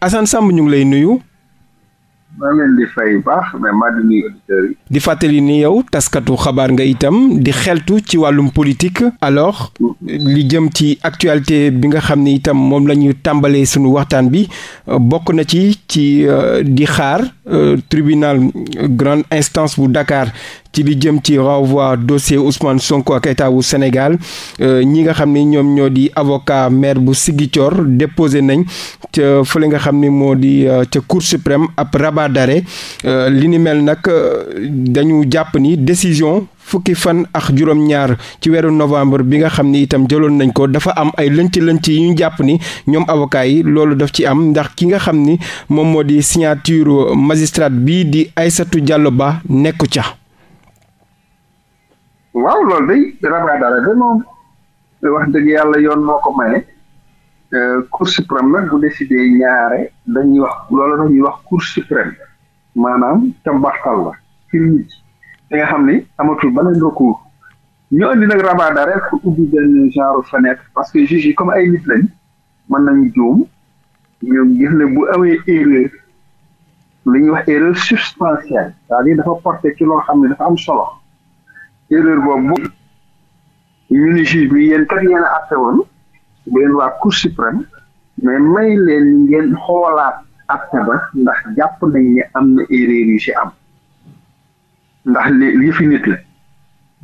Assane Samb ñu ngi lay nuyu. maa di fàttali ni yow taskatu xabaar nga itam di xeltu ci wàllum politique. alors li jëm ci actualité bi nga xam ni itam moom la ñu tàmbalee sunu waxtaan bi bokk na ci ci euh, di xaar euh, tribunal grande instance bu dakaar ci li jëm ci renvoi dossier Ousmane Sonko ak état wu Sénégal euh, ñi nga xam ni ñoom ñoo di avocat maire bu Ziguinchor déposé nañ ca fële nga xam ni moo di euh, ca Cour suprême ab rabat d'arrêt euh, li ni mel nag dañu jàpp ni décision. fukki fan ak juróom ci weeru novembre bi nga xam ni itam jëloon nañ ko dafa am ay lënc lënc yi ñu jàpp ni ñoom avocat yi loolu daf ci am ndax ki nga xam ni moom moo di signature magistrat bii di ay Aïssatou Diallo Ba nekku ca waaw loolu de rabat d'arrêt moom wax dëgg yàlla yoon moo ko maye euh, cour suprême nag bu décidé ñaare dañuy wax loolu dañuy wax cour suprême maanaam tambaxtal la ci nit da nga xam ni amatul beneen recours ñu indi nag rabat d'arrêt pour ubbi benn genre fenêtre parce que juge yi comme ay nit lañ mën nañ juum ñoom gis ne bu amee erreur li ñuy wax erreur substantielle c'est-à-dire dafa porter ci loo xam ni dafa am solo erreur boobu ñu ni juge bi yéen kat yéen a àtte woon yéen waa cour suprême mais may leen ngeen xoolaat àtte ba ndax jàpp nañ ne am na erreur yu ci am ndax li yëfi nit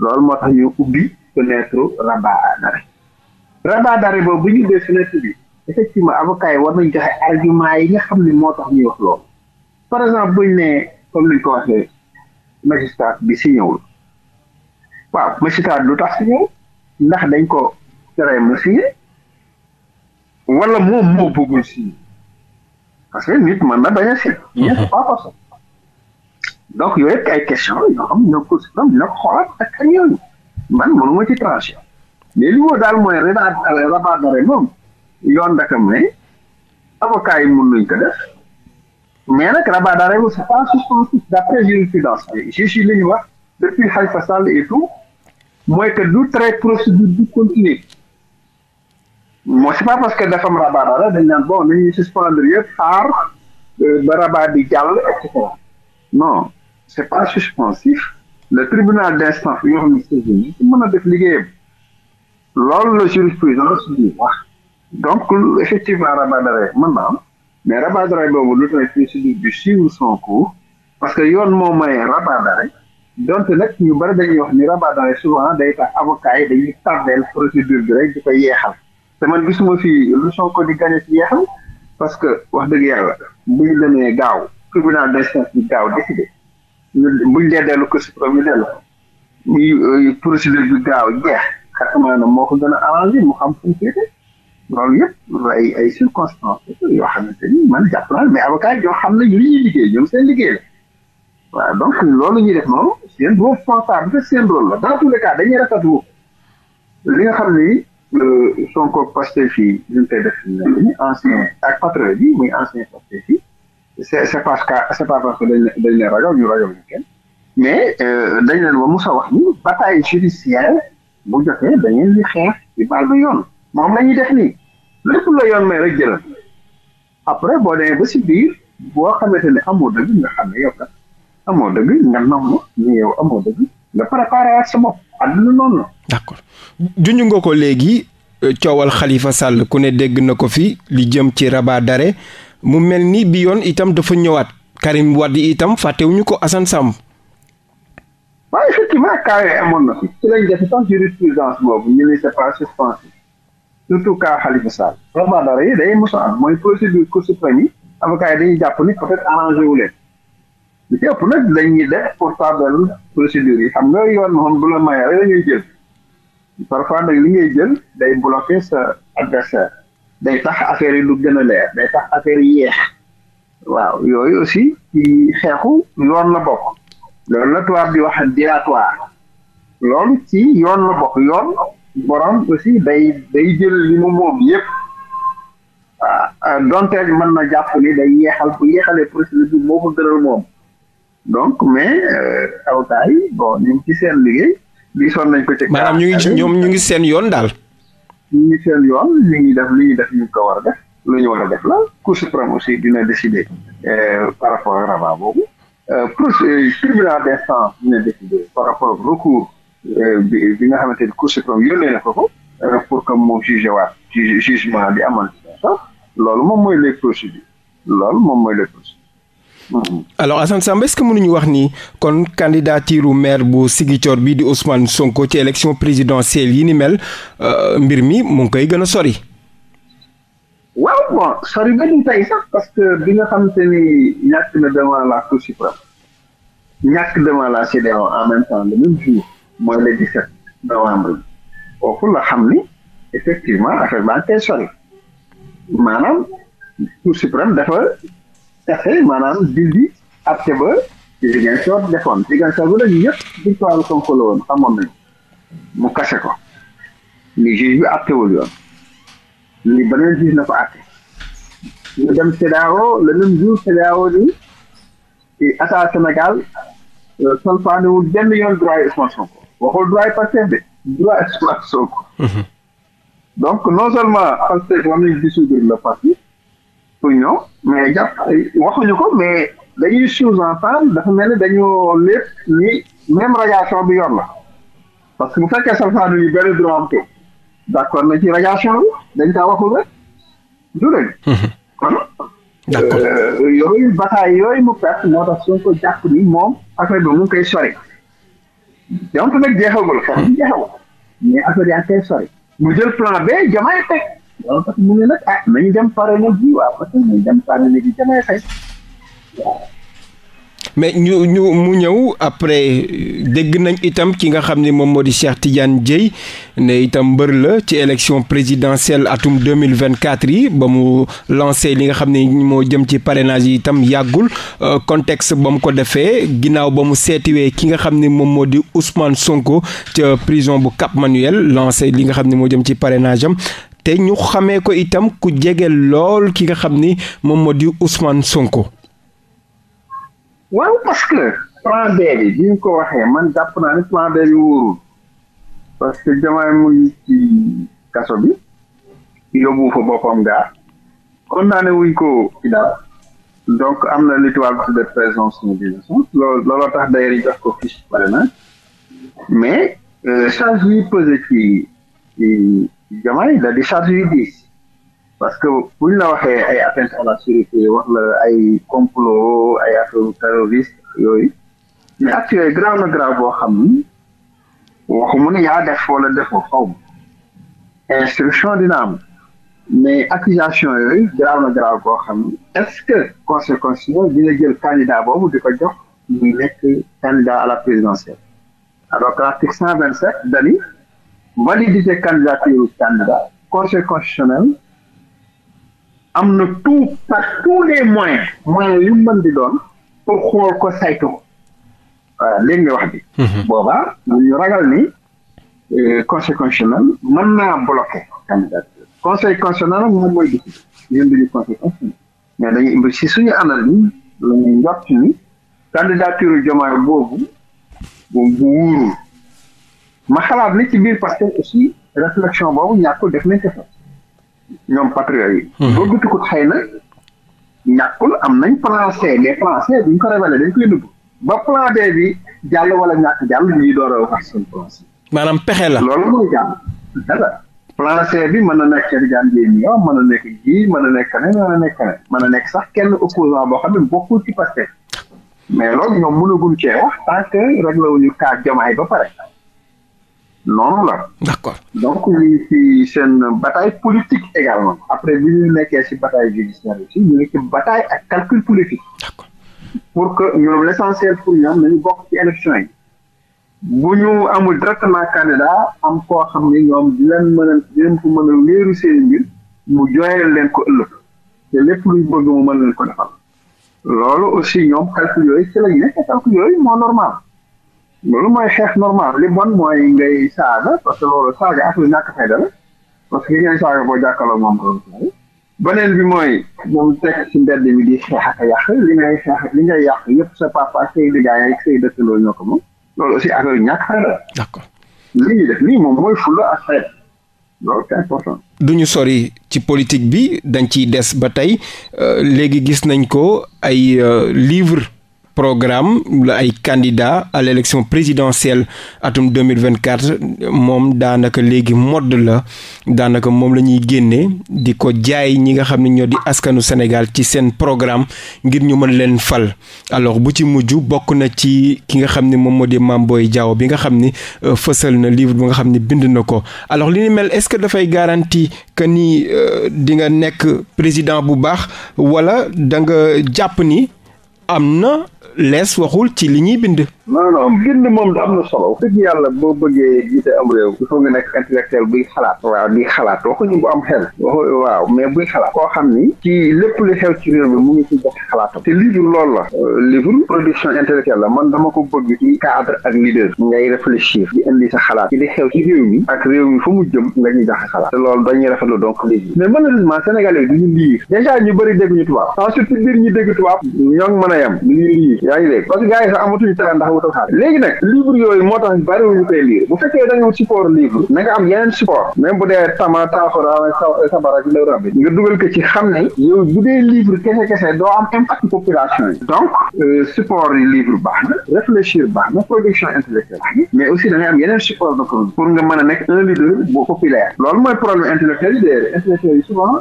la moo tax ñu ubbi fenêtre rabat à l'arrêt rabat d'arrêt bu ñu ubbee fenêtre bi effectivement avocat war nañ joxe argument yi nga xam ne moo tax ñuy wax loolu par exemple buñ ne comme liñ ko waxee magistrat bi si ñëwul waaw monsieur Tall lu tax si ndax dañ ko teree mu signé moom moo bëggul signé parce que nit ma na bañ a signé. ñëpp mhm. pas parce que donc yooyu yëpp ay question yoo xam ñoo ko si doon dina ko xoolaat ak ak ñooñu man mënuma ci tranché mais li moo daal mooy rabat rabat d'arrêt moom yoon dakam ne avocat yi mun nañ ko def mais nag rabat d'arrêt c'est pas suspensif d'après jurisprudence juge yi la ñu wax depuis fa Sall et tout. mooy que du traité procédure du continuer moo c'est pas parce que dafa am rabat dara dañ naan bon nañuy suspendre yëpp xaar euh, ba rabat bi jàll et cetera non c'est pas suspensif le tribunal d'instance bi nga xam ne saisoni mën a def liggéeyam loolu la jurisprudence bi wax donc effectivement rabat d'arrêt mais rabat d'arrêt boobu lu traité procédure suivre son cours parce que yoon moo may donte nag ñu bari dañuy wax ni rabat d'arrêt souvent day tax avocat yi dañuy tardeel procédure bi rek di koy yeexal te man gisuma fii lu ko di gagné ci parce que wax dëgg yàlla bu ñu demee gaaw tribunal d'instance bi gaaw décidé ñu buñ dee dellu ko suprême ñu dellu ñu euh, procédure bi gaaw jeex xatamaa na moo ko gën a arrangé mu xam fu mu féete loolu yëpp ay ay circonstances yoo xamante ni man jàpp naa mais avocat yoo xam ne ñu li ñuy liggéey ñoom seen liggéey waaw donc loolu ñuy def noonu seen rôle fanfaar bi seen rôle la dans tous les cas dañuy rafetlu li nga xam ni euh, Sonko Pastef yi ñu ngi koy def nii ak patriote yi muy ancien Pastef yi c'est c'est parce que c'est pas parce dañ leen dañ leen ragal ñu ragal ñu kenn mais euh, dañ leen ba Moussa wax ni bataille judiciaire bu jotee dañ leen di xeex ci wàllu yoon moom la ñuy def nii lépp la yoon may rek jëlal après boo demee ba si biir boo xamante ne amul dëgg nga xam ne yow amoo dëgg nga namm ni yow amoo nga ko léegi euh, coowal xalifa sàll ku ne dégg na ko fi li jëm ci rabat mu mel ni bi yoon itam dafa ñëwaat Karim Wade itam fàttewuñu ko Assane Samb. waaw effectivement cas yooyu amoon na fi ci lañ def sax jurisprudence boobu ñu ne c'est pas surtout cas Khalifa Sall rabat yi day mos a am mooy procédure Cour suprême yi dañuy jàpp ni peut-être arrangé leen. li ci ëpp nag dañuy def pour tardal procédure yi xam nga yoon moom bu la mayee la ngay jël parfois nag li ngay jël day bloquer sa adversaire day tax affaire yi du gën a leer day tax affaire yi yeex waaw yooyu aussi ci xeexu yoon la bokk loolu la tubaab di wax dilatoire loolu ci yoon la bokk yoon borom aussi day day jël li mu moom yépp ah, ah, donte mën na jàpp ni day yeexal bu yeexalee procédure bi moo ko gënal moom donc mais euh, avocat yi bon ñu ngi ci seen liggéey li sonn nañ ko ci maanaam ñu ngi ci ñoom ñu ngi seen yoon daal ñu ngi seen yoon ñu ngi def li ñuy def ñu ko war a def lu ñu war a def la Cour suprême aussi dina décider euh, par rapport ak rabat boobu euh, pour tribunal d'instance dina décider par rapport ak recours bi bi nga xamante ni Cour suprême yónnee na ko ko pour que mu jugé waat jugement bi amoon loolu moom mooy les procédures loolu moom mooy les procédures Mm-hmm. alors Assane Samba est-ce que mënuñu wax nii kon candidature maire bu Ziguinchor bii di Ousmane Sonko ci élection présidentielle yi ni mel euh, mbir mi mu ngi koy gën a sori. waaw bon sori ba bi nga xamante ni ñàkk la Cour suprême ñàkk devant la mooy le 17 sori maanaam Cour suprême dafa. fexe maanaam dindi acte ba ci Ziguinchor defoon Ziguinchor bu la ñu yëpp victoire Sonko la woon xamoon nañu mu kase ko li juge bi acte wul yoon li beneen juge na ko acte ñu dem CEDEAO le même jour CEDEAO ni ci état Sénégal euh, solfaani wul benn yoon droit yi Ousmane Sonko waxul droit yi Pastef de droit yi Ousmane Sonko mhm. donc non seulement Pastef moom lañu dissoudre le parti opinion mais jàpp waxuñu ko mais dañuy sous-entendre dafa mel ni dañoo lépp ni même radiation bi yoon la parce que bu fekkee salfaan yi benn droit am ko d'accord na ci radiation bi dañ kaa waxul rek du dëgg mhm. kon d'accord euh, yooyu bataille yooyu mu perte moo tax suñ ko jàpp ni moom affaire bi mu ngi koy sori donc nag jeexagul xeex bi jeexagul mais affaire yaa ngi koy sori mu jël plan B jamaay teg loolu tax mu ne ah, ñu ñu mu ñëw après dégg nañ itam ki nga xam ni moom moo di Cheikh Tidiane Dièye ne itam mbër la ci élection présidentielle atum 2024 yi ba mu lancé li nga xam ne moo jëm ci parrainage yi itam yàggul euh, contexte ba mu ko defee ginnaaw ba mu seetiwee ki nga xam ne moom moo di Ousmane Sonko ca prison bu Cap Manuel lancé li nga xam ne moo jëm ci parrainage am te ñu xamee ko itam ku jege lool ki nga xam ni moom moo di Ousmane Sonko. waaw parce que plan B bi bi ñu ko waxee man jàpp naa ne plan B bi wóorul parce que Diomaye muy ci kaso bi yóbbu fa boppam gaar condamné wuñ ko ci dara donc am na li tubaab bi tax d'ailleurs pare na mais euh, charge yi pesé ci Diomaye la décharge yu diis parce que bu ñu la waxee ay atteinte à la sécurité wax ay complot ay affaire terroriste yooyu mais acte yooyu grave na grave boo xam ni waxuma ne yaa def wala defoo xaw ma instruction dina am mais accusation yooyu grave na grave boo xam ni est-ce que conséquence yooyu dina jël candidat boobu di ko jox muy nekk candidat à la présidentielle alors que l'article 127 dani valider candidature candidat conseil constitutionnel am na tout par tous les moyens moyens yu mën di doon pour xool ko saytu ko voilà nga wax bi mhm. boobaa ñu ragal ni euh, conseil constitutionnel mën naa bloqué candidature conseil constitutionnel moom mooy décidé mais dañuy si suñu analyse bi ñu njort ni candidature Diomaye boobu bu wóorul ma xalaat ne ci biir Pastef aussi réflexion boobu ñàkkul def nañ ko fa ñoom patriotes yi. Mhm. bëggatu ko xëy na ñàkkul am nañ plan C mais plan C duñ ba plan B bi jàll wala ñàkk jàll ñuy door a wax seen maanaam pexe la loolu mooy jàll dara. bi mën na nekk Cheikh Tidiane Dièye mën na nekk ji mën na nekk keneen mën na nekk mën na nekk sax kenn opposant boo xam ne bokkul ci Pastef mais loolu ñoom mënaguñ cee wax tant que réglé wuñu cas Diomaye ba pare. noonu la. d'accord donc ñu ci seen bataille politique également. après bi ñu nekkee si bataille judiciaire aussi ñu ngi ci ak calcul politique. d'accord pour que ñoom l'essentiel pour ñoom nañu bokk ci élection yi. bu ñu amul directement candidat am koo xam ni ñoom di leen mën di leen ko mën a wéeru mu jooyal leen ko ëllëg te lépp luy bëgg mu mën ko defal loolu aussi ñoom calcul yooyu ci lañ nekk calcul yooyu moo normal. loolu mooy xeex normal li bon mooy ngay saaga parce que loolu saaga ak lu ñàkk fayda parce que ngay saaga boo jàkkaloo moom loolu beneen bi mooy moom teg ci di xeex yàq li ngay xeex li ngay yàq yëpp sa papa say liggéey ak say dëkk loolu ñoo ko moom loolu aussi affaire ñàkk fayda la. li ñuy def lii moom mooy fulla ak fayda loolu duñu sori ci politique bi dañ ciy des ba tey euh, léegi gis nañ ko ay euh, livre programme la ay candidat à l' élection présidentielle atum 2024 moom daanaka léegi modd la daanaka moom la ñuy génne di ko jaay ñi nga xam ne ñoo di askanu Sénégal ci seen programme ngir ñu mën leen fal alors bu ci mujj bokk na ci ki nga xam ne moom moo di Mame Boye Diao bi nga xam ni euh, fësal na livre bi nga xam ne bind na ko alors li ni mel est-ce que dafay garanti que nii euh, di nga nekk président bu baax wala danga jàpp ni am na lees waxul ci li ñuy bind. non non bind moom am na solo. dëgg yàlla boo bëggee jiite am réew. il faut nga nekk intellectuel buy xalaat. waaw di xalaat waxuñu bu am xel. waxu waaw mais buy xalaat. koo xam ni. ci lépp lu xew ci réew mi mu ngi ci joxe xalaatam. te livre lool la. Euh, livre production intellectuelle la man dama ko bëgg ci cadre ak leader. ngay réfléchir. di indi sa xalaat. ci li xew ci réew mi. ak réew mi fu mu jëm nga ñu joxe xalaat. te loolu dañuy rafetlu donc livre. mais malheureusement sénégalais yi du ñu lire. déjà ñu mën a yem yaa ngi dégg parce que gars yi sax ndax wutal xaalis léegi nag livre yooyu moo tax bariwuñu koy lire bu fekkee da nga wut support livre na am yeneen support même bu dee tama taafara sabar ak lëw rabbi nga dugal ko ci xam ne yow bu dee livre kese kese doo am impact population yi donc euh, support yi livre baax na réfléchir baax na production intellectuelle mais aussi da ngay am yeneen support de pour nga mën a nekk un leader bu populaire loolu mooy problème intellectuel yi d'ailleurs intellectuel yi souvent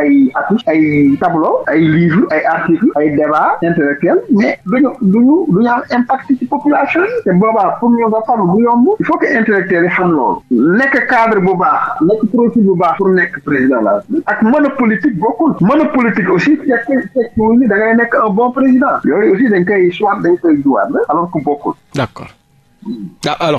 ay affiche ay tableau ay livre ay article ay débat intellectuel mais duñu duñu duñu am impact ci population yi te boobaa pour ñu nga faru du yomb il faut que intellectuels yi xam loolu nekk cadre bu baax nekk profil bu baax pour nekk président la ak mën a politique bokkul mën a aussi tekk tekkiwul nekk un bon président yooyu aussi dañ koy soit dañ koy duwaat la alors que bokkul d'accord ah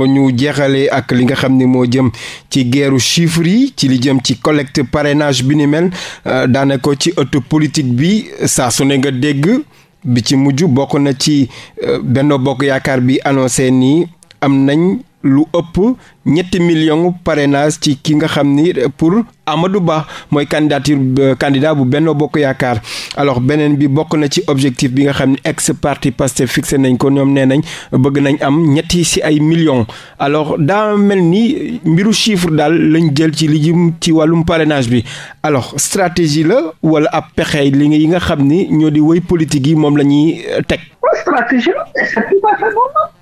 ñu jeexalee ak li nga xam ni moo jëm ci guerru chiffres yi ci li jëm ci collecte parrainage bi ni mel euh, daane ko ci ëtt politique bi saa su ne nga dégg bi ci mujj bokk na ci euh, Benno Bokk Yaakaar bi annoncé nii am nañ lu ëpp ñetti million parrainage ci ki nga xam ni pour ama Amadou Ba mooy candidature euh, candidat bu Benno Bokk Yaakaar alors beneen bi bokk na ci objectif bi nga xam ne ex parti Pastef fixé nañ ko ñoom nee nañ bëgg nañ am ñetti ci ay millions alors daa mel ni mbiru chiffre daal lañ jël ci li ci wàllum parrainage bi alors stratégie la wala ab pexe li nga yi nga xam ni ñoo di woy politique yi moom la ñuy euh, teg.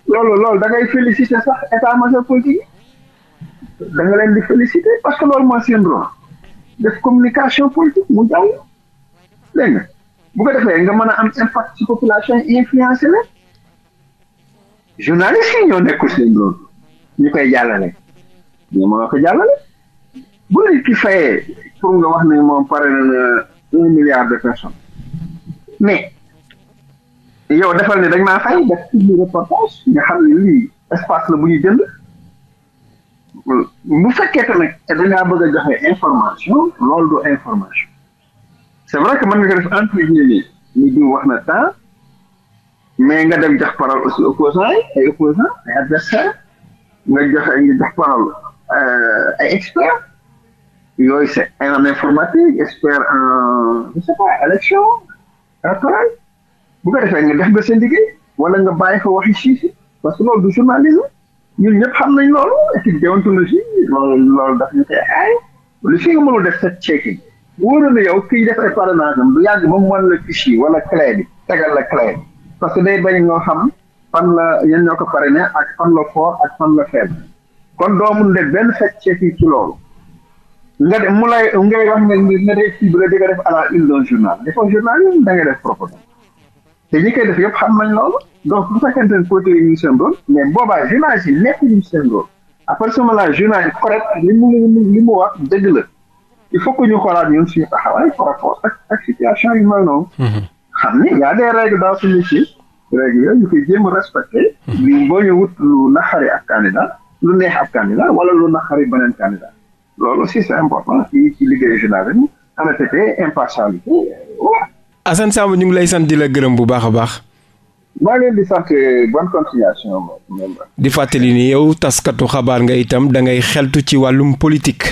loolu loolu da ngay sa sax état major politique yi da leen di féliciter parce que loolu mooy seen droit def communication politique mu jàll dégg nga bu ko defee nga mën a am impact ci population yi influencé la journaliste yi ñoo nekkul seen droit ñu koy jàllale ñu mën ko jàllale bu nit ki fayee pour nga wax ne moom pare na euh, un milliard de personnes mais yow defal ni dañ maa fay def ci reportage nga xam ne lii espace la bu ñu jënd bu fekkee te nag da ngaa bëgg joxe information loolu du information c'est vrai que mën nga ko def entretien ni ni diw wax na temps mais nga dem jox parole aussi opposant yi ay opposant ay adversaire nga joxe jox parole euh, ay expert yooyu c'est en informatique expert en je sais pas bu ko defee nga def nga sa liggéey wala nga bàyyi fa waxi siisi parce que loolu du journalisme ñun ñëpp xam nañ loolu éthique déontologie loolu loolu daf ñu koy aay lu fi nga mënul yow kii def ay parrainage am du yàgg ba mu wan la fichier wala clé bi la parce que day bañ nga xam fan la yéen ñoo ko parrainé ak fan la fort ak fan la faible kon doo mun def benn fact checking ci loolu nga de mu lay ngay wax nga nga day ciblé di nga def à la journal dafa journalisme da def propagande te ñi koy def yëpp xam nañ loolu donc bu fekkente ne producteurs yi ñu seen mais boobaa journalistes yi nekk ñu seen rôle à partir de là journaliste correct li mu li mu wax dëgg la il faut que ñu xoolaat ñun suñu taxawaay par rapport ak ak situation yu mel noonu. Mhm. xam ni y a des règles dans ce métier règles yooyu ñu koy jéem a respecté. li mhm. boo ñu wut lu naxari ak candidat lu neex ak candidat wala lu naxari beneen candidat loolu aussi c'est important ci ci liggéeyu journalisme en effet impartialité euh, voilà. Assane Samb ñu ngi lay sant di la gërëm bu baax a baax. di sant eh, bonne continuation. di fàttali ni yow taskatu xabaar nga itam da ngay xeltu ci wàllum politique.